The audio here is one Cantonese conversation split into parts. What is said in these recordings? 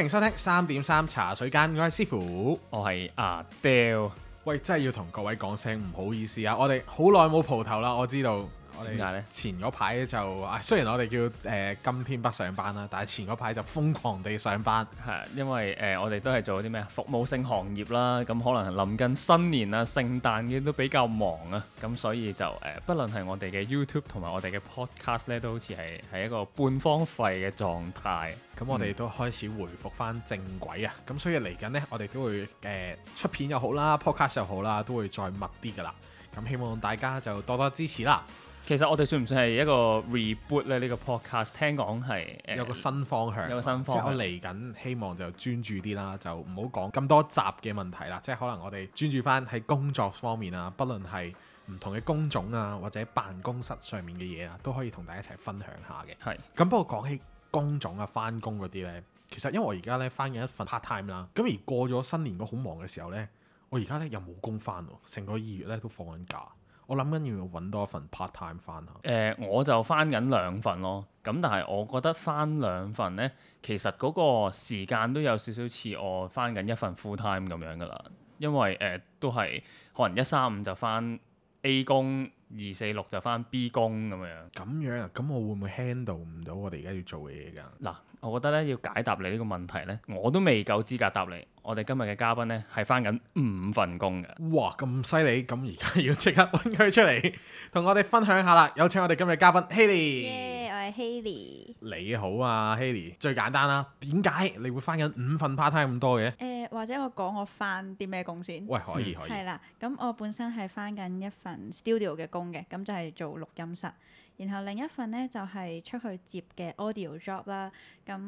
歡迎收聽三點三茶水間，我係師傅，我係阿 Dal。喂，真係要同各位講聲唔好意思啊！我哋好耐冇蒲頭啦，我知道。呢我哋點解咧？前嗰排就啊，雖然我哋叫誒、呃、今天不上班啦，但係前嗰排就瘋狂地上班，係因為誒、呃、我哋都係做啲咩服務性行業啦，咁可能臨近新年啊、聖誕嘅都比較忙啊，咁所以就誒、呃，不論係我哋嘅 YouTube 同埋我哋嘅 Podcast 咧，都好似係係一個半荒廢嘅狀態。咁、嗯、我哋都開始回復翻正軌啊！咁所以嚟緊呢，我哋都會誒、呃、出片又好啦，Podcast 又好啦，都會再密啲噶啦。咁希望大家就多多支持啦～其實我哋算唔算係一個 reboot 咧？呢個 podcast 聽講係有個新方向，有個新方向嚟緊，希望就專注啲啦，就唔好講咁多集嘅問題啦。即係可能我哋專注翻喺工作方面啊，不論係唔同嘅工種啊，或者辦公室上面嘅嘢啊，都可以同大家一齊分享下嘅。係。咁不過講起工種啊、翻工嗰啲呢，其實因為我而家呢翻緊一份 part time 啦。咁而過咗新年嗰好忙嘅時候呢，我而家呢又冇工翻喎，成個二月呢都放緊假。我諗緊要揾多一份 part time 翻下。誒，我就翻緊兩份咯。咁但係我覺得翻兩份咧，其實嗰個時間都有少少似我翻緊一份 full time 咁樣噶啦。因為誒、呃、都係可能一三五就翻 A 工，二四六就翻 B 工咁樣。咁樣啊？咁我會唔會 handle 唔到我哋而家要做嘅嘢㗎？嗱。我覺得咧要解答你呢個問題咧，我都未夠資格答你。我哋今日嘅嘉賓咧係返緊五份工嘅。哇，咁犀利！咁而家要即刻揾佢出嚟，同我哋分享下啦。有請我哋今日嘉賓，Hailey。Yeah，我係 Hailey。你好啊，Hailey。最簡單啦、啊，點解你會返緊五份 part time 咁多嘅？誒、呃，或者我講我返啲咩工先？喂，可以、嗯、可以。係啦，咁我本身係返緊一份 studio 嘅工嘅，咁就係做錄音室。然後另一份呢，就係、是、出去接嘅 audio job 啦，咁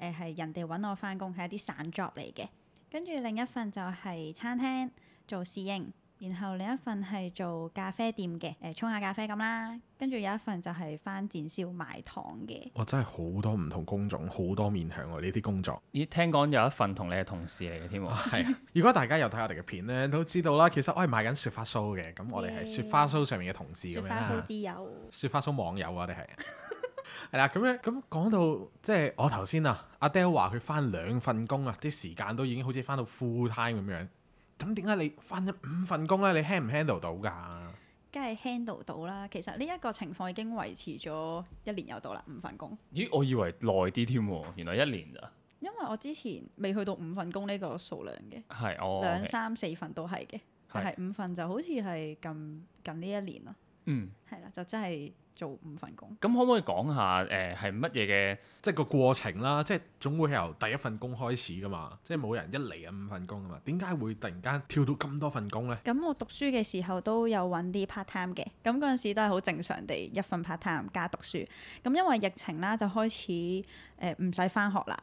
誒係人哋揾我返工，係一啲散 job 嚟嘅。跟住另一份就係餐廳做侍應。然後另一份係做咖啡店嘅，誒、呃、沖下咖啡咁啦。跟住有一份就係翻展銷賣糖嘅。哇、哦！真係好多唔同工種，好多面向喎呢啲工作。咦？聽講有一份同你嘅同事嚟嘅添喎。係 啊，如果大家有睇我哋嘅片咧，都知道啦。其實我係賣緊雪花酥嘅，咁我哋係雪花酥上面嘅同事咁 Yeah, 樣、啊、雪花酥之友。雪花酥網友啊，我哋係。係啦，咁咧，咁講到即係我頭先啊，阿 Dal 話佢翻兩份工啊，啲時間都已經好似翻到 full time 咁樣。咁點解你返咗五份工咧？你 handle 唔 handle 到㗎？梗係 handle 到啦，其實呢一個情況已經維持咗一年有到啦，五份工。咦，我以為耐啲添喎，原來一年咋？因為我之前未去到五份工呢個數量嘅，係哦，okay、兩三四份都係嘅，但係五份就好似係近近呢一年咯。嗯是，係啦，就真係。做五份工，咁可唔可以講下誒係乜嘢嘅，欸、即係個過程啦，即係總會由第一份工開始噶嘛，即係冇人一嚟就五份工噶嘛，點解會突然間跳到咁多份工呢？咁、嗯、我讀書嘅時候都有揾啲 part time 嘅，咁嗰陣時都係好正常地一份 part time 加讀書，咁、嗯、因為疫情啦，就開始誒唔使返學啦，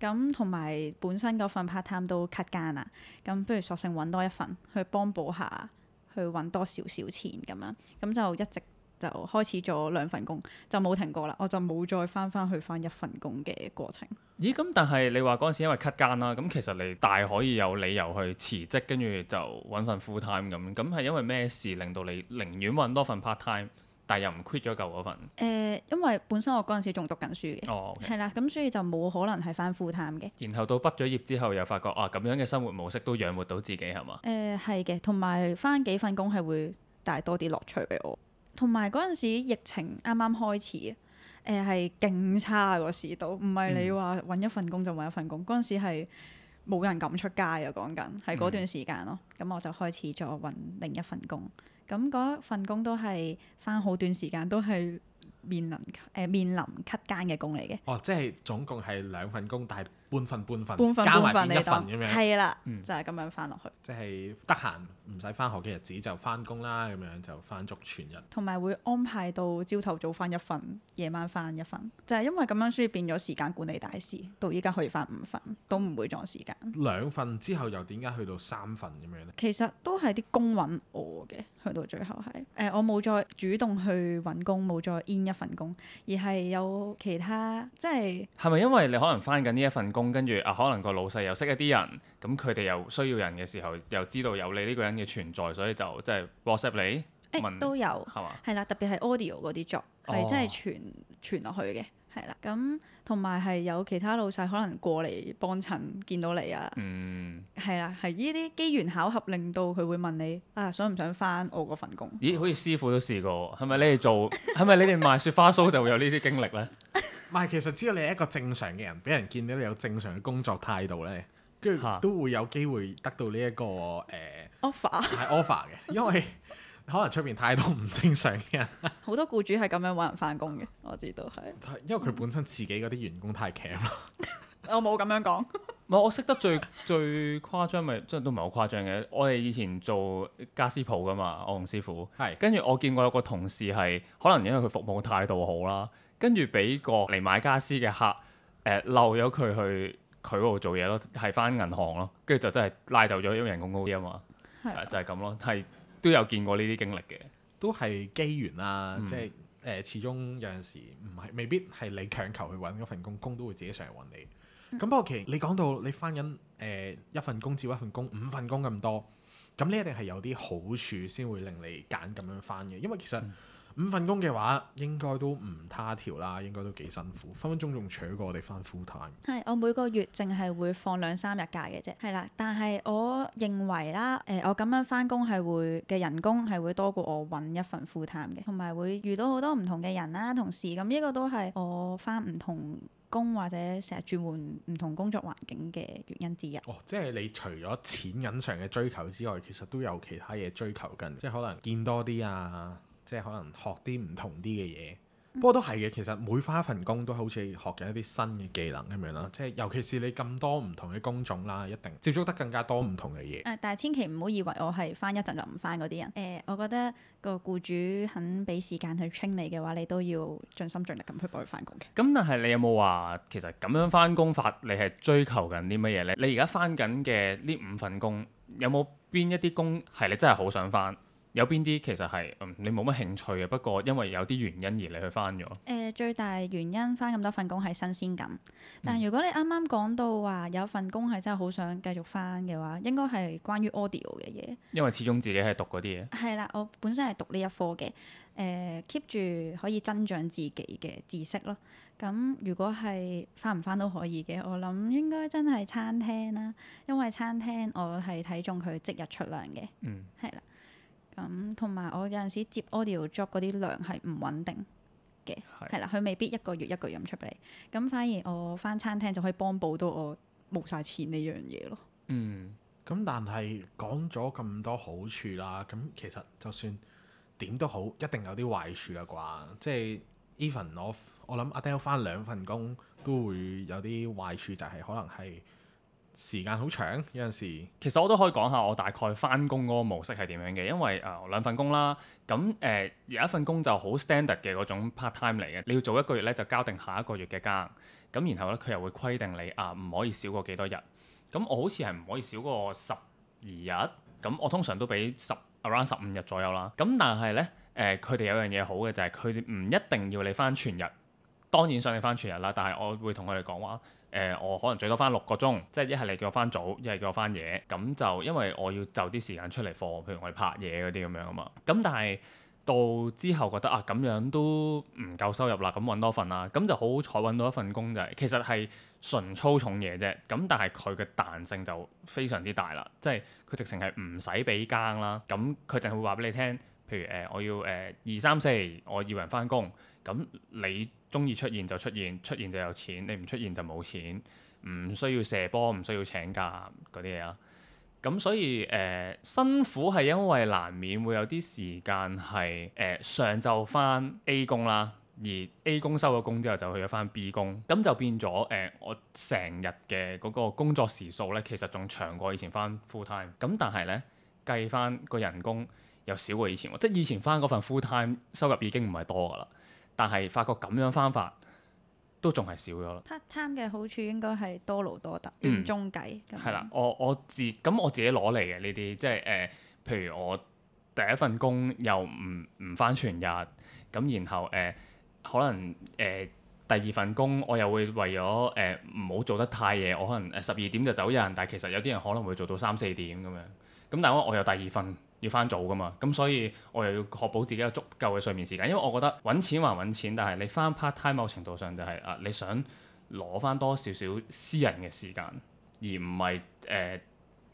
咁同埋本身嗰份 part time 都 cut 間啦，咁、嗯、不如索性揾多一份去幫補下，去揾多少少錢咁樣，咁、嗯、就一直。就開始咗兩份工，就冇停過啦。我就冇再返返去返一份工嘅過程。咦？咁但係你話嗰陣時因為 cut 間啦，咁其實你大可以有理由去辭職，跟住就揾份 full time 咁。咁係因為咩事令到你寧願揾多份 part time，但係又唔 quit 咗舊嗰份？誒、呃，因為本身我嗰陣時仲讀緊書嘅，係啦、哦，咁、okay. 所以就冇可能係返 full time 嘅。然後到畢咗業之後，又發覺啊，咁樣嘅生活模式都養活到自己係嘛？誒係嘅，同埋返幾份工係會帶多啲樂趣俾我。同埋嗰陣時疫情啱啱開始，誒係勁差個市道，唔係你話揾一份工就揾一份工。嗰陣、嗯、時係冇人敢出街啊，講緊係嗰段時間咯。咁、嗯、我就開始再揾另一份工，咁嗰一份工都係返好短時間，都係面臨誒、呃、面臨 cut 間嘅工嚟嘅。哦，即係總共係兩份工，但係。半份半份，半份半份加埋變一份咁當樣，係啦了，嗯、就係咁樣翻落去。即係得閒唔使翻學嘅日子就翻工啦，咁樣就翻足全日。同埋會安排到朝頭早翻一份，夜晚翻一份，就係、是、因為咁樣樣所以變咗時間管理大事。到依家可以翻五份，都唔會撞時間，兩份之後又點解去到三份咁樣咧？其實都係啲工揾我嘅，去到最後係誒、呃、我冇再主動去揾工，冇再 in 一份工，而係有其他即係係咪因為你可能翻緊呢一份工？跟住啊，可能個老細又識一啲人，咁佢哋又需要人嘅時候，又知道有你呢個人嘅存在，所以就即係、就是、WhatsApp 你、欸、問都有係嘛？係啦嗎，特別係 audio 嗰啲作，係，job 係真係傳傳落去嘅。係啦，咁同埋係有其他老細可能過嚟幫襯見到你啊，係啦、嗯，係呢啲機緣巧合令到佢會問你啊，想唔想返我嗰份工？咦，好似師傅都試過，係咪你哋做，係咪 你哋賣雪花酥就會有呢啲經歷呢？唔係 其實只要你係一個正常嘅人，俾人見到你有正常嘅工作態度呢，跟住都會有機會得到呢、這、一個誒 offer，係 offer 嘅，因為。 可能出面太多唔正常嘅 人，好多雇主係咁樣揾人翻工嘅，我知道係。因為佢本身自己嗰啲員工太強啦。我冇咁樣講。唔係，我識得最最誇張咪，真係都唔係好誇張嘅。我哋以前做家私鋪噶嘛，我同師傅係。跟住是我見過有個同事係，可能因為佢服務態度好啦，跟住俾個嚟買家私嘅客他他，誒撈咗佢去佢嗰度做嘢咯，係翻銀行咯，跟住就真係拉走咗，因為人工高啲啊嘛，啊就係咁咯，係。都有見過呢啲經歷嘅，都係機緣啦、啊，即係誒，始終有陣時唔係未必係你強求去揾嗰份工，工都會自己上嚟揾你。咁、嗯、不過其實你講到你翻緊誒一份工至多一份工五份工咁多，咁呢一定係有啲好處先會令你揀咁樣翻嘅，因為其實。嗯五份工嘅話，應該都唔他條啦，應該都幾辛苦。分分鐘仲取過我哋返 full time。係，我每個月淨係會放兩三日假嘅啫。係啦，但係我認為啦，誒、呃，我咁樣返工係會嘅人工係會多過我揾一份 full time 嘅，同埋會遇到好多唔同嘅人啦、同事咁，呢個都係我返唔同工或者成日轉換唔同工作環境嘅原因之一。哦，即係你除咗錢銀上嘅追求之外，其實都有其他嘢追求緊，即係可能見多啲啊。即係可能學啲唔同啲嘅嘢，嗯、不過都係嘅。其實每翻一份工都好似學緊一啲新嘅技能咁樣啦。嗯、即係尤其是你咁多唔同嘅工種啦，一定接觸得更加多唔同嘅嘢、啊。但係千祈唔好以為我係翻一陣就唔翻嗰啲人。誒、啊，我覺得個僱主肯俾時間去 train 你嘅話，你都要盡心盡力咁去幫佢翻工嘅。咁、嗯、但係你有冇話其實咁樣翻工法，你係追求緊啲乜嘢呢？你而家翻緊嘅呢五份工，有冇邊一啲工係你真係好想翻？有邊啲其實係，嗯，你冇乜興趣嘅，不過因為有啲原因而你去翻咗。誒、呃，最大原因翻咁多份工係新鮮感。但如果你啱啱講到話有份工係真係好想繼續翻嘅話，應該係關於 audio 嘅嘢。因為始終自己係讀嗰啲嘢。係啦，我本身係讀呢一科嘅，誒 keep 住可以增長自己嘅知識咯。咁如果係翻唔翻都可以嘅，我諗應該真係餐廳啦，因為餐廳我係睇中佢即日出糧嘅。嗯。係啦。咁同埋我有陣時接 audio job 嗰啲量係唔穩定嘅，係啦是的，佢未必一個月一個月出嚟。咁反而我返餐廳就可以幫補到我冇晒錢呢樣嘢咯。嗯，咁但係講咗咁多好處啦，咁其實就算點都好，一定有啲壞處啦啩。即係 even 我我諗阿 Dal 返兩份工都會有啲壞處，就係、是、可能係。時間好長，有陣時其實我都可以講下我大概翻工嗰個模式係點樣嘅，因為誒、呃、兩份工啦，咁誒、呃、有一份工就好 standard 嘅嗰種 part time 嚟嘅，你要做一個月咧就交定下一個月嘅假，咁然後咧佢又會規定你啊唔可以少過幾多日，咁我好似係唔可以少過十二日，咁我通常都俾十 around 十五日左右啦，咁但係咧誒佢哋有樣嘢好嘅就係佢哋唔一定要你翻全日，當然想你翻全日啦，但係我會同佢哋講話。誒、呃、我可能最多翻六個鐘，即係一係你叫我翻早，一係叫我翻夜，咁就因為我要就啲時間出嚟放，譬如我哋拍嘢嗰啲咁樣啊嘛。咁但係到之後覺得啊，咁樣都唔夠收入啦，咁揾多份啦，咁就好彩揾到一份工就係其實係純粗重嘢啫。咁但係佢嘅彈性就非常之大啦，即係佢直情係唔使俾更啦。咁佢淨係會話俾你聽，譬如誒、呃、我要誒、呃、二三四，我要人翻工。咁你中意出現就出現，出現就有錢；你唔出現就冇錢，唔需要射波，唔需要請假嗰啲嘢啦。咁所以誒、呃、辛苦係因為難免會有啲時間係誒、呃、上晝翻 A 工啦，而 A 工收咗工之後就去咗翻 B 工，咁就變咗誒、呃、我成日嘅嗰個工作時數咧，其實仲長過以前翻 full time。咁但係咧計翻個人工又少過以前，即係以前翻嗰份 full time 收入已經唔係多噶啦。但係發覺咁樣返法都仲係少咗。part time 嘅好處應該係多勞多得，中、嗯、計。係啦，我我自咁我自己攞嚟嘅呢啲，即係誒、呃，譬如我第一份工又唔唔翻全日，咁然後誒、呃、可能誒、呃、第二份工我又會為咗誒唔好做得太夜，我可能誒十二點就走人，但係其實有啲人可能會做到三四點咁樣，咁但係我我有第二份。要翻早㗎嘛，咁所以我又要確保自己有足夠嘅睡眠時間，因為我覺得揾錢還揾錢，但係你翻 part time 某程度上就係、是、誒、啊、你想攞翻多少少私人嘅時間，而唔係誒。呃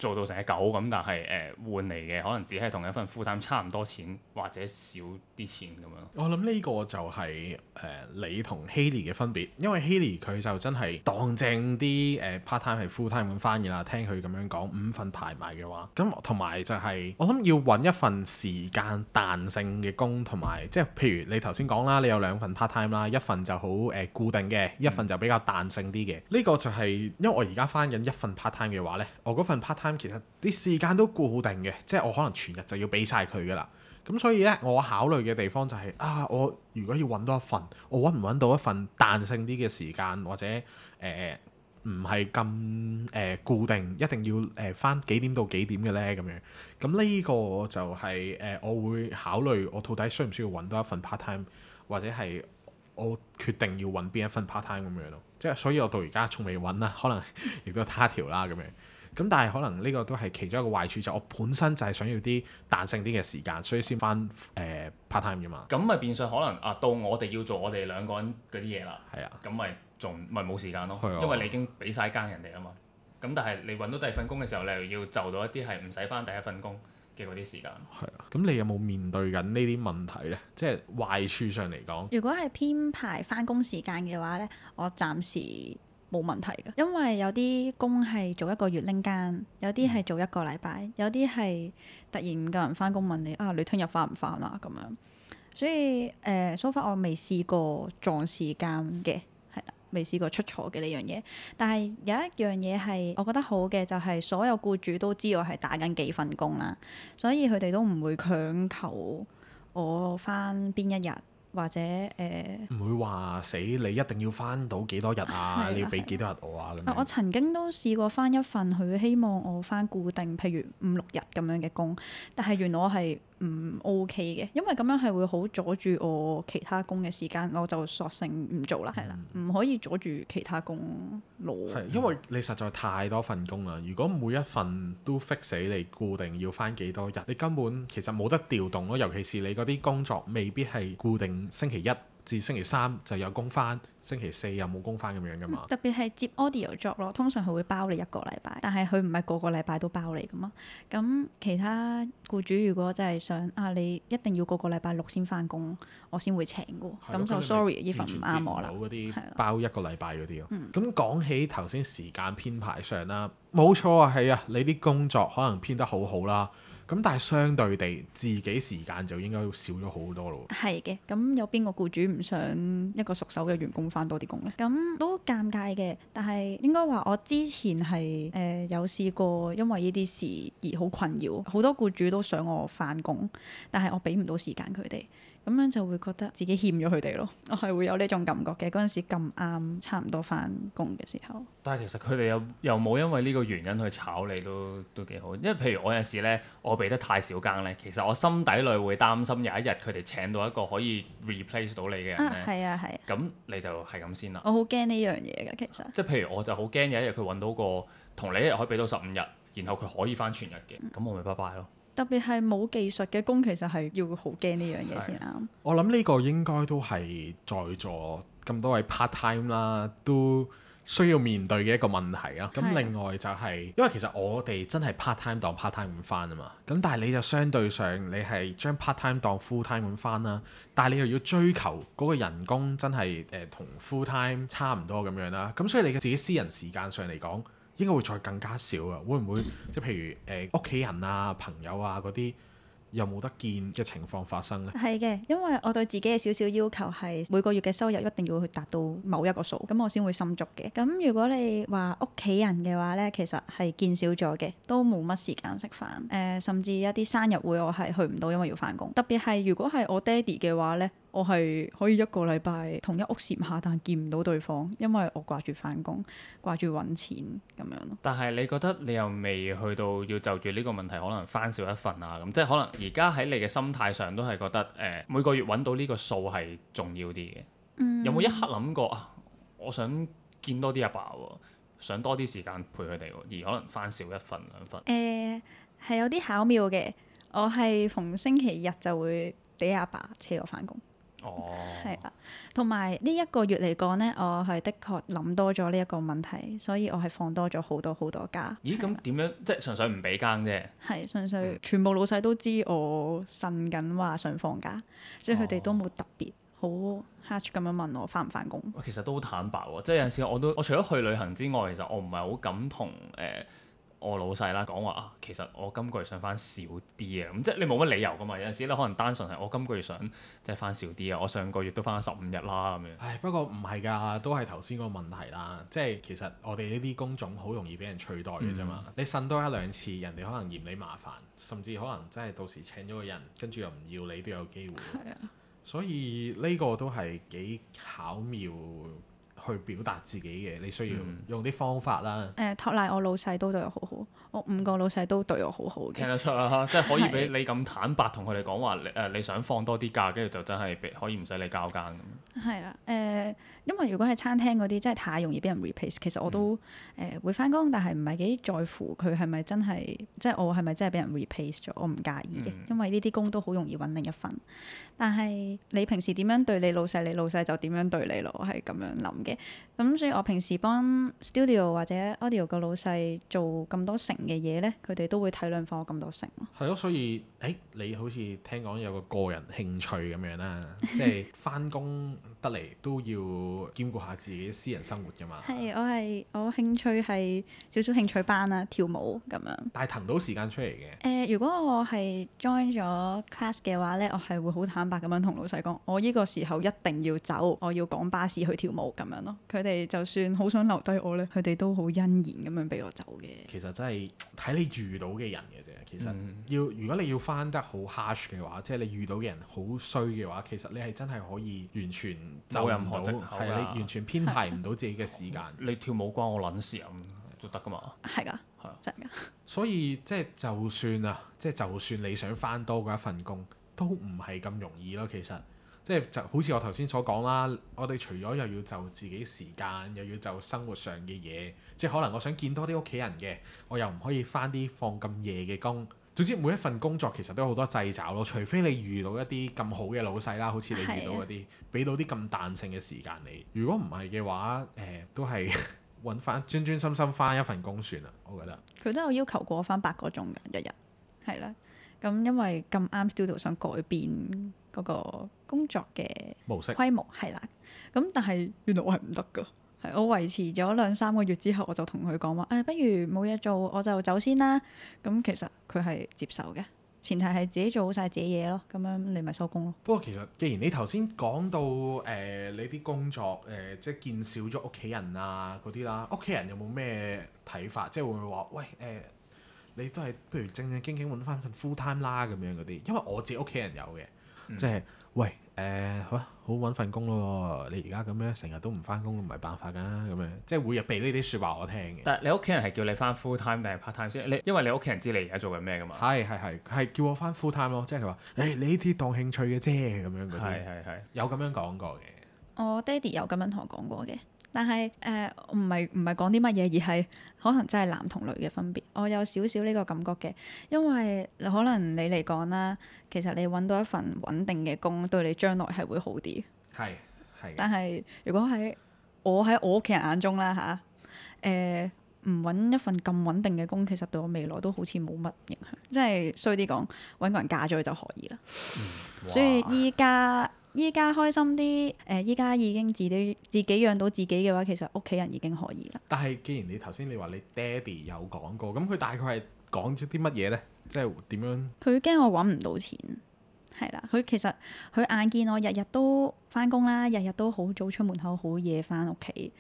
做到成隻狗咁，但係誒換嚟嘅可能只係同一份 full time 差唔多錢或者少啲錢咁樣。我諗呢個就係、是、誒、呃、你同希 i 嘅分別，因為希 i 佢就真係當正啲誒、呃、part time 係 full time 咁翻譯啦。聽佢咁樣講五份排埋嘅話，咁同埋就係、是、我諗要揾一份時間彈性嘅工，同埋即係譬如你頭先講啦，你有兩份 part time 啦，一份就好誒、呃、固定嘅，一份就比較彈性啲嘅。呢、嗯、個就係、是、因為我而家翻緊一份 part time 嘅話咧，我份 part time。其實啲時間都固定嘅，即係我可能全日就要俾晒佢噶啦。咁所以咧，我考慮嘅地方就係、是、啊，我如果要揾多一份，我揾唔揾到一份彈性啲嘅時間，或者誒唔係咁誒固定，一定要誒返、呃、幾點到幾點嘅呢？咁樣。咁呢個就係、是、誒、呃、我會考慮我到底需唔需要揾多一份 part time，或者係我決定要揾邊一份 part time 咁樣咯。即係所以我到而家仲未揾啦，可能亦 都係他條啦咁樣。咁但係可能呢個都係其中一個壞處，就我本身就係想要啲彈性啲嘅時間，所以先翻誒 part time 啫嘛。咁咪變相可能啊，到我哋要做我哋兩個人嗰啲嘢啦。係啊。咁咪仲咪冇時間咯，啊、因為你已經俾晒間人哋啊嘛。咁但係你揾到第二份工嘅時候，你又要就到一啲係唔使翻第一份工嘅嗰啲時間。係啊。咁你有冇面對緊呢啲問題呢？即係壞處上嚟講。如果係編排翻工時間嘅話呢，我暫時，冇問題嘅，因為有啲工係做一個月拎間，有啲係做一個禮拜，嗯、有啲係突然唔夠人翻工問你啊，你聽日翻唔翻啊咁樣。所以誒，so far 我未試過撞時間嘅，係啦，未試過出錯嘅呢樣嘢。但係有一樣嘢係我覺得好嘅，就係、是、所有僱主都知我係打緊幾份工啦，所以佢哋都唔會強求我翻邊一日。或者誒，唔、呃、會話死，你一定要返到幾多日啊？啊你要俾幾多日我啊？咁、啊、這樣。我曾經都試過返一份，佢希望我返固定，譬如五六日咁樣嘅工，但係原來我係。唔 OK 嘅，因為咁樣係會好阻住我其他工嘅時間，我就索性唔做啦。係啦、嗯，唔可以阻住其他工攞。係嘅，因為你實在太多份工啦，如果每一份都 fix 死你固定要翻幾多日，你根本其實冇得調動咯。尤其是你嗰啲工作未必係固定星期一。至星期三就有工返，星期四又冇工返咁樣噶嘛？特別係接 audio job 咯，通常佢會包你一個禮拜，但係佢唔係個個禮拜都包你噶嘛。咁其他僱主如果真係想啊，你一定要個個禮拜六先返工，我先會請嘅。咁對就對、嗯、sorry，呢份唔啱我啦。接唔到嗰啲包一個禮拜嗰啲咯。咁講對起頭先時間編排上啦，冇錯啊，係啊，你啲工作可能編得好好啦。咁但係相對地，自己時間就應該要少咗好多咯。係嘅，咁有邊個僱主唔想一個熟手嘅員工翻多啲工呢？咁都尷尬嘅，但係應該話我之前係誒、呃、有試過，因為呢啲事而好困擾。好多僱主都想我翻工，但係我俾唔到時間佢哋。咁樣就會覺得自己欠咗佢哋咯，我係會有呢種感覺嘅。嗰陣時咁啱差唔多翻工嘅時候。但係其實佢哋又又冇因為呢個原因去炒你，都都幾好，因為譬如我有時咧，我俾得太少更咧，其實我心底裡會擔心有一日佢哋請到一個可以 replace 到你嘅人咧。啊，係啊，係啊。咁，啊，你就係咁先啦。我好驚呢樣嘢㗎，其實。即係譬如我就好驚有一日佢揾到個同你一日可以俾到十五日，然後佢可以翻全日嘅，咁，嗯，我咪拜拜咯。特別係冇技術嘅工，其實係要好驚呢樣嘢先啱，啊。我諗呢個應該都係在座咁多位 part time 啦，都需要面對嘅一個問題啊。咁是另外就係，是，因為其實我哋真係 part time 當 part time 咁返啊嘛。咁但係你就相對上你，你係將 part time 當 full time 咁返啦。但係你又要追求嗰個人工真係誒同 full time 差唔多咁樣啦。咁所以你嘅自己私人時間上嚟講，應該會再更加少啊！會唔會即係譬如誒屋企人啊、朋友啊嗰啲，又有冇得見嘅情況發生咧？係嘅，因為我對自己嘅少少要求係每個月嘅收入一定要去達到某一個數，咁我先會心足嘅。咁如果你話屋企人嘅話呢，其實係見少咗嘅，都冇乜時間食飯。誒、呃，甚至一啲生日會我係去唔到，因為要返工。特別係如果係我爹哋嘅話呢。我係可以一個禮拜同一屋簷下，但見唔到對方，因為我掛住翻工，掛住揾錢咁樣咯。但係你覺得你又未去到要就住呢個問題，可能翻少一份啊？咁即係可能而家喺你嘅心態上都係覺得誒、呃、每個月揾到呢個數係重要啲嘅。嗯、有冇一刻諗過啊？我想見多啲阿爸喎，想多啲時間陪佢哋喎，而可能翻少一份兩份。誒係、呃、有啲巧妙嘅。我係逢星期日就會俾阿爸車我翻工。哦，係啦、啊，同埋呢一個月嚟講呢，我係的確諗多咗呢一個問題，所以我係放多咗好多好多假。咦，咁點嗎樣？即係純粹唔俾更啫？係純粹全部老細都知我呻緊話想放假，所以佢哋都冇特別好 hatch 咁樣問我返唔返工。其實都好坦白喎，即係有陣時我都我除咗去旅行之外，其實我唔係好敢同誒。呃我老細啦，講話啊，其實我今個月想翻少啲啊，咁即係你冇乜理由噶嘛，有陣時你可能單純係我今個月想即係翻少啲啊，我上個月都翻咗十五日啦咁樣。唉，不過唔係㗎，都係頭先嗰個問題啦，即係其實我哋呢啲工種好容易俾人取代嘅啫嘛，嗯、你呻多一兩次，人哋可能嫌你麻煩，甚至可能真係到時請咗個人跟住又唔要你都有機會。係啊。所以呢個都係幾巧妙。去表達自己嘅，你需要用啲方法啦。誒、嗯，托賴我老細都對我好好，我五個老細都對我好好嘅。聽得出啦， 即係可以俾你咁坦白同佢哋講話，誒是你想放多啲假，跟住就真係可以唔使你交更咁。係啦、啊，誒、呃，因為如果係餐廳嗰啲真係太容易俾人 replace，嗯、其實我都誒會翻工，但係唔係幾在乎佢係咪真係即係我係咪真係俾人 replace 咗，我唔介意嘅，嗯、因為呢啲工都好容易揾另一份。但係你平時點樣對你老細，你老細就點樣對你咯，我係咁樣諗嘅。咁、嗯、所以，我平時幫 studio 或者 audio 嘅老細做咁多成嘅嘢咧，佢哋都會體諒返我咁多成咯。係咯，所以誒，你好似聽講有個個人興趣咁樣啦，即係翻工。得嚟都要兼顧下自己私人生活㗎嘛。係是，了我係我興趣係少少興趣班啊，跳舞咁樣。但係騰到時間出嚟嘅。誒、呃，如果我係 join 咗 class 嘅話呢，我係會好坦白咁樣同老細講，我呢個時候一定要走，我要趕巴士去跳舞咁樣咯。佢哋就算好想留低我咧，佢哋都好欣然咁樣俾我走嘅。其實真係睇你遇到嘅人嘅啫。其實要如果你要返得好 hard 嘅話，即係你遇到嘅人好衰嘅話，其實你係真係可以完全，就任唔到，你是是完全編排唔到自己嘅時間。你跳舞關我撚事啊，都得噶嘛。係㗎，係真㗎。所以即係的就算啊，即係的就，就算你想返多嗰一份工，都唔係咁容易咯。其實即係就好似我頭先所講啦，我哋除咗又要就自己時間，又要就生活上嘅嘢，即係可能我想見多啲屋企人嘅，我又唔可以返啲放咁夜嘅工。總之，每一份工作其實都有好多掣肘咯，除非你遇到一啲咁好嘅老細啦，好似你遇到嗰啲俾到啲咁彈性嘅時間你。如果唔係嘅話，誒、呃、都係揾翻專專心心翻一份工算啦。我覺得佢都有要求過翻八個鐘㗎，一日係啦。咁因為咁啱 studio 想改變嗰個工作嘅模，模式規模係啦。咁但係原來我係唔得㗎。係，我維持咗兩三個月之後，我就同佢講話，誒，不如冇嘢做，我就走先啦。咁其實佢係接受嘅，前提係自己做好晒自己嘢咯。咁樣你咪收工咯。不過其實，既然你頭先講到誒，你啲工作誒，即係見少咗屋企人啊嗰啲啦，屋企人有冇咩睇法？即係會唔會話，喂誒，你都係不如正正經經揾翻份 full time 啦咁樣嗰啲？因為我自己屋企人有嘅，即係。喂，誒好啊，好揾份工咯，你而家咁樣成日都唔翻工，唔係辦法噶，咁樣即係每日被呢啲説話我聽嘅。但係你屋企人係叫你翻 full time 定係 part time 先？你因為你屋企人知你而家做緊咩噶嘛？係係係，係叫我翻 full time 咯，即係佢話誒，你呢啲當興趣嘅啫，咁樣嗰啲。係係係，有咁樣講過嘅。我爹哋有咁樣同我講過嘅。但係誒唔係唔係講啲乜嘢，而係可能真係男同女嘅分別。我有少少呢個感覺嘅，因為可能你嚟講啦，其實你揾到一份穩定嘅工，對你將來係會好啲。係係。但係如果喺我喺我屋企人眼中啦，吓，誒唔揾一份咁穩定嘅工，其實對我未來都好似冇乜影響。即係衰啲講，揾個人嫁咗佢就可以啦。嗯。所以依家。依家開心啲，誒依家已經自己自己養到自己嘅話，其實屋企人已經可以啦。但係既然你頭先你話你爹哋有講過，咁佢大概係講咗啲乜嘢呢？即係點樣？佢驚我揾唔到錢，係啦。佢其實佢眼見我日日都返工啦，日日都好早出門口，好夜返屋企。誒、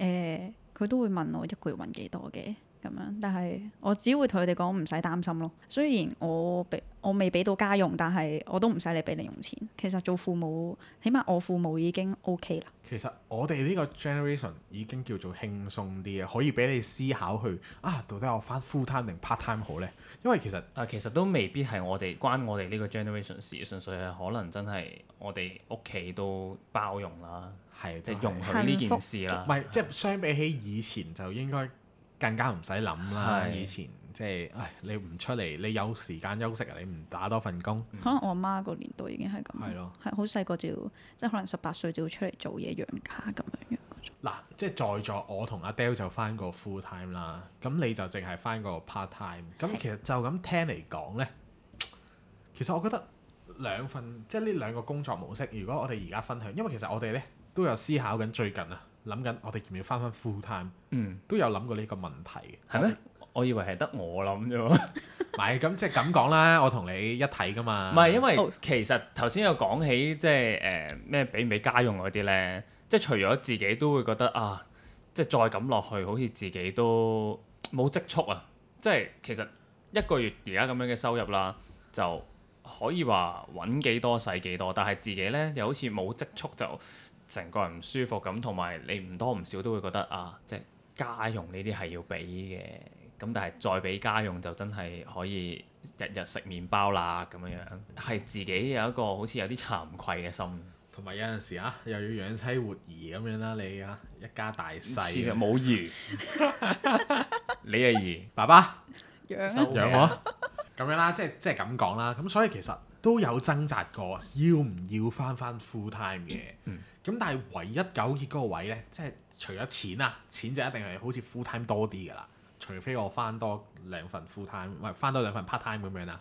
呃，佢都會問我一個月揾幾多嘅。咁樣，但係我只會同佢哋講唔使擔心咯。雖然我俾我未俾到家用，但係我都唔使你俾零用錢。其實做父母，起碼我父母已經 OK 啦。其實我哋呢個 generation 已經叫做輕鬆啲啊，可以俾你思考去啊，到底我返 full time 定 part time 好呢？因為其實啊，其實都未必係我哋關我哋呢個 generation 事，純粹係可能真係我哋屋企都包容啦，係即係容許呢件事啦。唔係福即係相比起以前，就應該。更加唔使諗啦！是的 以前即係，誒你唔出嚟，你有時間休息，你唔打多份工。可能我媽個年代已經係咁，係咯，係好細個就要，即係可能十八歲就要出嚟做嘢養家咁樣樣嗰種。嗱，即係在座，我同阿 Del 就翻個 full time 啦，咁你就淨係翻個 part time。咁其實就咁聽嚟講呢是的，其實我覺得兩份，即係呢兩個工作模式，如果我哋而家分享，因為其實我哋呢都有思考緊最近啊。諗緊，我哋要唔要翻翻 full time？嗯，都有諗過呢個問題嘅，係咩嗎？好我以為係得我諗啫喎，唔係，咁即係咁講啦，我同你一體噶嘛。唔係，因為、哦、其實頭先有講起即係誒咩俾唔俾家用嗰啲咧，即係除咗自己都會覺得啊，即係再咁落去，好似自己都冇積蓄啊！即係其實一個月而家咁樣嘅收入啦，就可以話揾幾多使幾多，但係自己咧又好似冇積蓄就。成個人唔舒服咁，同埋你唔多唔少都會覺得啊，即係家用呢啲係要俾嘅，咁但係再俾家用就真係可以日日食麪包啦咁樣樣，係自己有一個好似有啲慚愧嘅心。同埋有陣時啊，又要養妻活兒咁樣啦、啊，你啊一家大細冇兒，你阿兒爸爸養,養我。養咁 樣啦、啊，即係即係咁講啦，咁、就是啊、所以其實都有掙扎過要要要，要唔要返返 full time 嘅？嗯。咁但係唯一糾結嗰個位呢，即係除咗錢啊，錢就一定係好似 full time 多啲㗎啦。除非我翻多兩份 full time，唔、哎、係翻多兩份 part time 咁樣啦。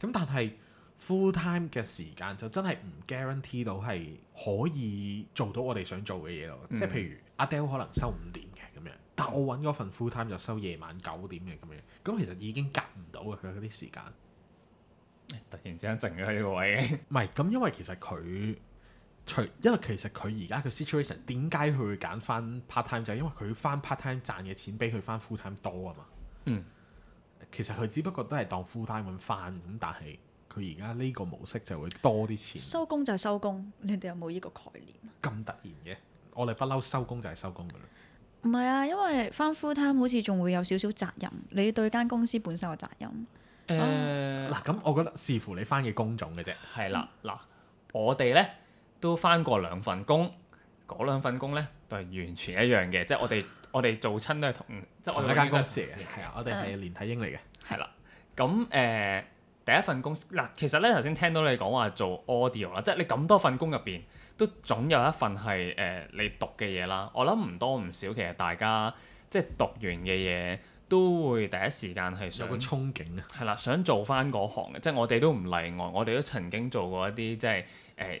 咁但係 full time 嘅時間就真係唔 guarantee 到係可以做到我哋想做嘅嘢咯。嗯、即係譬如阿 Dal 可能收五點嘅咁樣，但我揾嗰份 full time 就收夜晚九點嘅咁樣。咁其實已經隔唔到㗎，佢嗰啲時間。突然之間剩咗呢個位，唔係咁，因為其實佢。除，因為其實佢而家嘅 situation 點解佢會揀翻 part time 就係因為佢翻 part time 賺嘅錢比佢翻 full time 多啊嘛。嗯，其實佢只不過都係當 full time 咁翻，咁但係佢而家呢個模式就會多啲錢。收工就係收工，你哋有冇呢個概念？咁突然嘅，我哋不嬲收工就係收工噶啦。唔係啊，因為翻 full time 好似仲會有少少責任，你對間公司本身嘅責任。誒、欸，嗱咁、哦，啊、我覺得視乎你翻嘅工種嘅啫。係啦，嗱、嗯啊，我哋咧。都翻過兩份工，嗰兩份工咧都係完全一樣嘅， 即係我哋我哋做親都係同即係我哋一間公司嘅，係啊， 我哋係連體嬰嚟嘅，係啦。 咁誒、呃、第一份工嗱，其實咧頭先聽到你講話做 audio 啦，即係你咁多份工入邊都總有一份係誒、呃、你讀嘅嘢啦。我諗唔多唔少，其實大家即係讀完嘅嘢都會第一時間係有憧憬。係啦，想做翻嗰行嘅，即係我哋都唔例外，我哋都曾經做過一啲即係誒。呃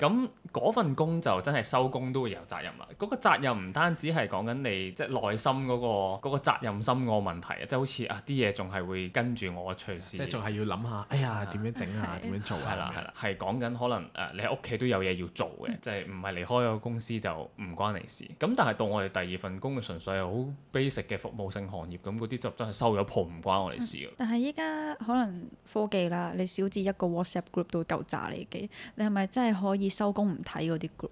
咁嗰份工就真係收工都會有責任啦。嗰個責任唔單止係講緊你即係內心嗰個嗰個責任心個問題啊，即係好似啊啲嘢仲係會跟住我隨時，即係仲係要諗下，哎呀點樣整啊，點樣做，係啦係啦，係講緊可能誒你屋企都有嘢要做嘅，即係唔係離開個公司就唔關你事。咁但係到我哋第二份工嘅純粹係好 basic 嘅服務性行業，咁嗰啲就真係收咗鋪唔關我哋事啊。但係依家可能科技啦，你少至一個 WhatsApp group 都夠炸你嘅，你係咪真係可以？收工唔睇嗰啲 group？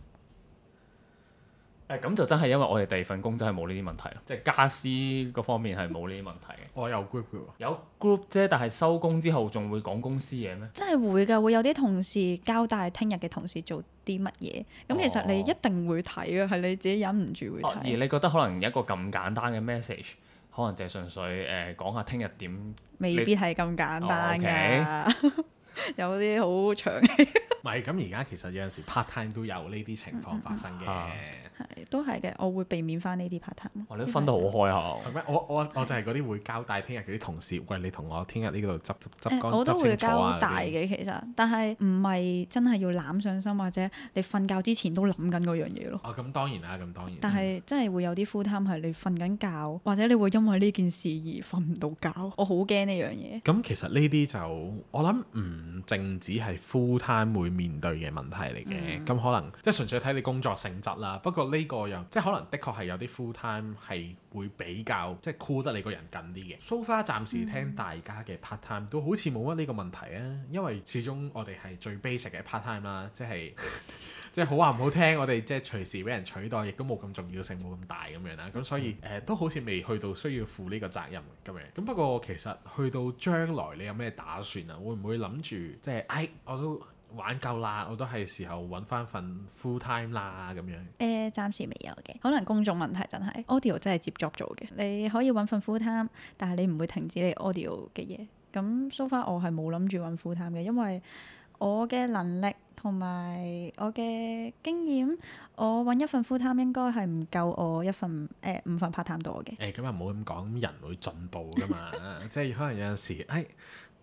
誒咁就真係因為我哋第二份工真係冇呢啲問題咯，即係家私嗰方面係冇呢啲問題嘅。我有 group 喎，有 group 啫，但係收工之後仲會講公司嘢咩？真係會㗎，會有啲同事交代聽日嘅同事做啲乜嘢。咁其實你一定會睇㗎，係你自己忍唔住會睇。而你覺得可能有一個咁簡單嘅 message，可能就係純粹誒講下聽日點，未必係咁簡單嘅。有啲好長 ，唔係咁而家其實有陣時 part time 都有呢啲情況發生嘅，係都係嘅，我會避免翻呢啲 part time、哦啊。我哇，你分得好開嚇，係咩？我我我就係嗰啲會交代聽日嗰啲同事，喂你同我聽日呢度執執執執清楚，我都會交代嘅，些其實，但係唔係真係要攬上身，或者你瞓覺之前都諗緊嗰樣嘢咯。哦，咁當然啦，咁當然。但係是、嗯、真係會有啲 full time 係你瞓緊覺，或者你會因為呢件事而瞓唔到覺，我好驚呢樣嘢。咁其實呢啲就我諗，嗯。唔淨止係 fulltime 會面對嘅問題嚟嘅，咁、嗯、可能即係純粹睇你工作性質啦。不過呢個又即係可能，的確係有啲 fulltime 係會比較即係箍得你個人近啲嘅。So far 暫時聽大家嘅 parttime 都好似冇乜呢個問題啊，因為始終我哋係最 basic 嘅 parttime 啦，即係。 即係好話唔好聽，我哋即係隨時俾人取代，亦都冇咁重要性，冇咁大咁樣啦。咁所以誒、嗯呃，都好似未去到需要負呢個責任咁樣。咁不過其實去到將來，你有咩打算啊？會唔會諗住即係唉，我都玩夠啦，我都係時候揾翻份 full time 啦咁樣。誒、呃，暫時未有嘅，可能公眾問題真係 audio 真係接 job 咗嘅。你可以揾份 full time，但係你唔會停止你 audio 嘅嘢。咁 so far 我係冇諗住揾 full time 嘅，因為我嘅能力。同埋我嘅經驗，我揾一份 full time 應該係唔夠我一份誒、呃、五份 part time 多嘅、欸。誒，咁又唔好咁講，人會進步噶嘛， 即係可能有陣時誒。哎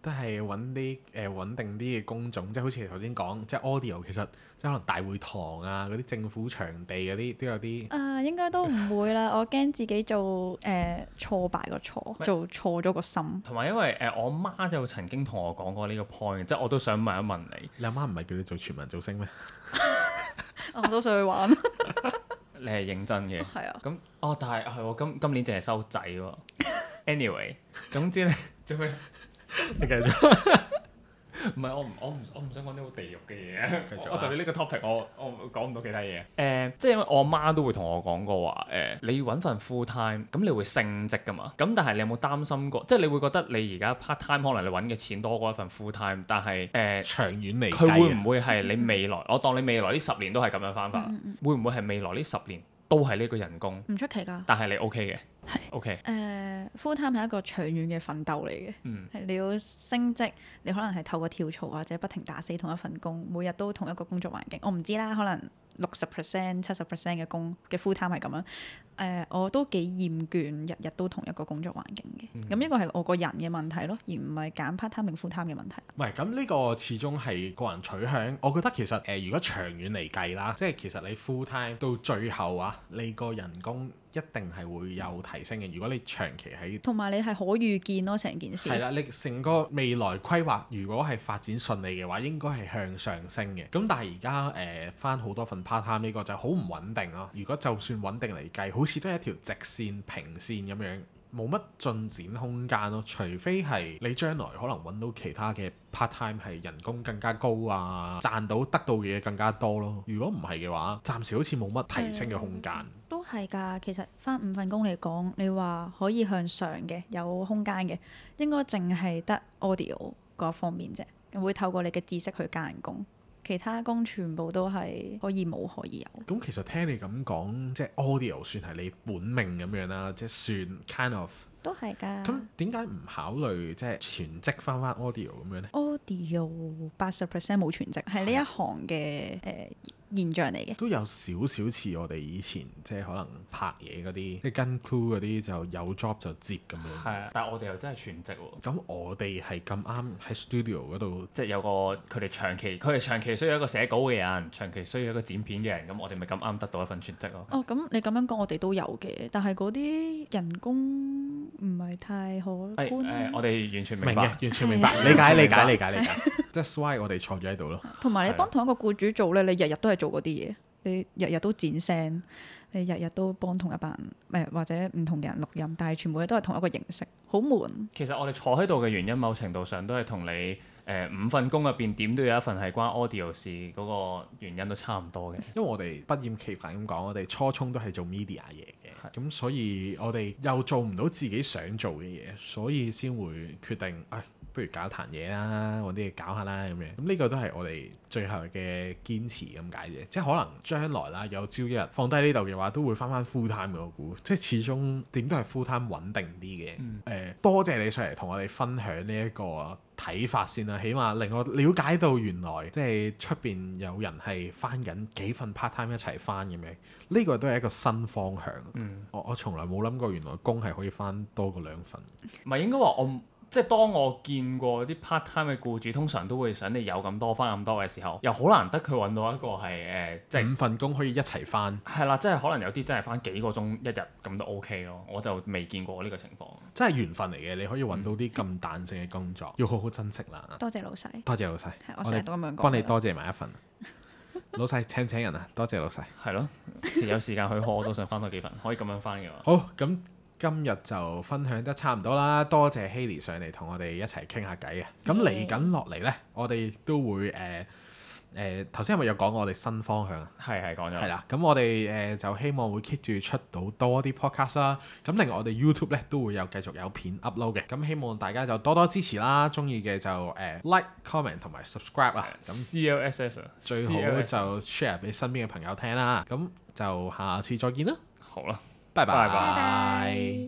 都係揾啲誒穩定啲嘅工種，即係好似頭先講，即係 audio，其實即係可能大會堂啊、嗰啲政府場地嗰啲都有啲。啊，應該都唔會啦， 我驚自己做誒挫、呃、敗個錯，做錯咗個心。同埋因為誒我媽就曾經同我講過呢個 point，即係我都想問一問你，你阿媽唔係叫你做全民造星咩？ 啊？我都想去玩。 你係認真嘅。係啊。咁哦，但係係我今今年淨係收仔喎。anyway，總之咧做咩？ Russell 5 stars singing 你繼續，唔 係我唔我唔我唔想講啲好地獄嘅嘢續我。我就你呢個 topic，我我講唔到其他嘢。誒、呃，即係因為我媽都會同我講過話，誒、呃，你揾份 full time，咁你會升職噶嘛。咁但係你有冇擔心過？即、就、係、是、你會覺得你而家 part time 可能你揾嘅錢多過一份 full time，但係誒，呃、長遠嚟，佢會唔會係你未來？嗯、我當你未來呢十年都係咁樣翻法，嗯嗯會唔會係未來呢十年都係呢個人工？唔出奇㗎。但係你 OK 嘅。係是，OK，誒 full time 係一個長遠嘅奮鬥嚟嘅，係、嗯、你要升職，你可能係透過跳槽或者不停打死同一份工，每日都同一個工作環境，我唔知啦，可能。六十 percent、七十 percent 嘅工嘅 full time 係咁樣，誒、呃，我都幾厭倦日日都同一個工作環境嘅，咁一、嗯、哼個係我個人嘅問題咯，而唔係揀 part time 定 full time 嘅問題。唔係，咁呢個始終係個人取向。我覺得其實誒、呃，如果長遠嚟計啦，即係其實你 full time 到最後啊，你個人工一定係會有提升嘅。如果你長期喺同埋你係可預見咯，成件事係啦，你成個未來規劃，如果係發展順利嘅話，應該係向上升嘅。咁但係而家誒，返、呃、好多份。part time 呢個就好唔穩定咯、啊。如果就算穩定嚟計，好似都係一條直線、平線咁樣，冇乜進展空間咯、啊。除非係你將來可能揾到其他嘅 part time 係人工更加高啊，賺到得到嘅嘢更加多咯、啊。如果唔係嘅話，暫時好似冇乜提升嘅空間。嗯、都係㗎，其實返五份工嚟講，你話可以向上嘅，有空間嘅，應該淨係得 audio 嗰一方面啫，會透過你嘅知識去加人工。其他工全部都係可以冇，可以有。咁其實聽你咁講，即係 audio 算係你本命咁樣啦，即係算 kind of。都係㗎。咁點解唔考慮即係、就是、全職翻翻 audio 咁樣呢？audio 八十 percent 冇全職，係呢一行嘅誒、啊呃、現象嚟嘅。都有少少似我哋以前即係可能拍嘢嗰啲，即係 gun crew 嗰啲，就有 job 就接咁樣。係啊，但係我哋又真係全職喎、哦。咁我哋係咁啱喺 studio 嗰度，即係有個佢哋長期，佢哋長期需要一個寫稿嘅人，長期需要一個剪片嘅人，咁我哋咪咁啱得到一份全職咯。哦，咁、哦、你咁樣講，我哋都有嘅，但係嗰啲人工。唔係太可觀、哎呃。我哋完全明白，明白，完全明白，理解理解理解理解。That's why 我哋坐住喺度咯。同埋 你幫同一個僱主做咧， 你日日都係做嗰啲嘢，你日日都剪聲，你日日都幫同一班誒或者唔同嘅人錄音，但係全部嘢都係同一個形式，好悶。其實我哋坐喺度嘅原因，某程度上都係同你。誒、呃、五份工入邊點都有一份係關 audio 事嗰、那個原因都差唔多嘅， 因為我哋不厭其煩咁講，我哋初衷都係做 media 嘢嘅，咁的所以我哋又做唔到自己想做嘅嘢，所以先會決定誒、哎、不如搞，搞一壇嘢啦，揾啲嘢搞下啦咁樣。咁呢個都係我哋最後嘅堅持咁解啫，即係可能將來啦，有朝一日放低呢度嘅話，都會翻翻 full time 嘅我估，即係始終點都係 full time 穩定啲嘅。誒、嗯呃、多謝你上嚟同我哋分享呢、這、一個。睇法先啦，起碼令我了解到原來即係出邊有人係翻緊幾份 part time 一齊翻咁嘅，呢個都係一個新方向。嗯，我我從來冇諗過，原來工係可以翻多過兩份。唔係應該話我？即係當我見過啲 part time 嘅僱主，通常都會想你有咁多返咁多嘅時候，又好難得佢揾到一個係誒，即、呃、係、就是、五份工可以一齊返。係啦， 即係可能有啲真係返幾個鐘一日咁都 OK 咯，我就未見過呢個情況。真係緣分嚟嘅，你可以揾到啲咁彈性嘅工作，嗯、 要好好珍惜啦。多謝老細，多謝老細，我成日都咁樣講，我哋幫你多謝埋一份。 老細請唔請人啊？多謝老細。係咯了， 有時間去學我都想返多幾份， 可以咁樣返嘅話。好咁。今日就分享得差唔多啦，多謝 Hailey 上嚟同我哋一齊傾 Okay. 下偈啊！咁嚟緊落嚟呢，我哋都會誒誒頭先係咪有講我哋新方向啊？係係講咗，係啦。咁我哋誒、呃、就希望會 keep 住出到多啲 podcast 啦。咁另外我哋 YouTube 呢，都會有繼續有片 upload 嘅。咁希望大家就多多支持啦，中意嘅就誒、呃、like comment、comment 同埋 subscribe 啊。咁 CLS 最好就 share 俾身邊嘅朋友聽啦。咁就下次再見啦。好啦。拜拜拜拜。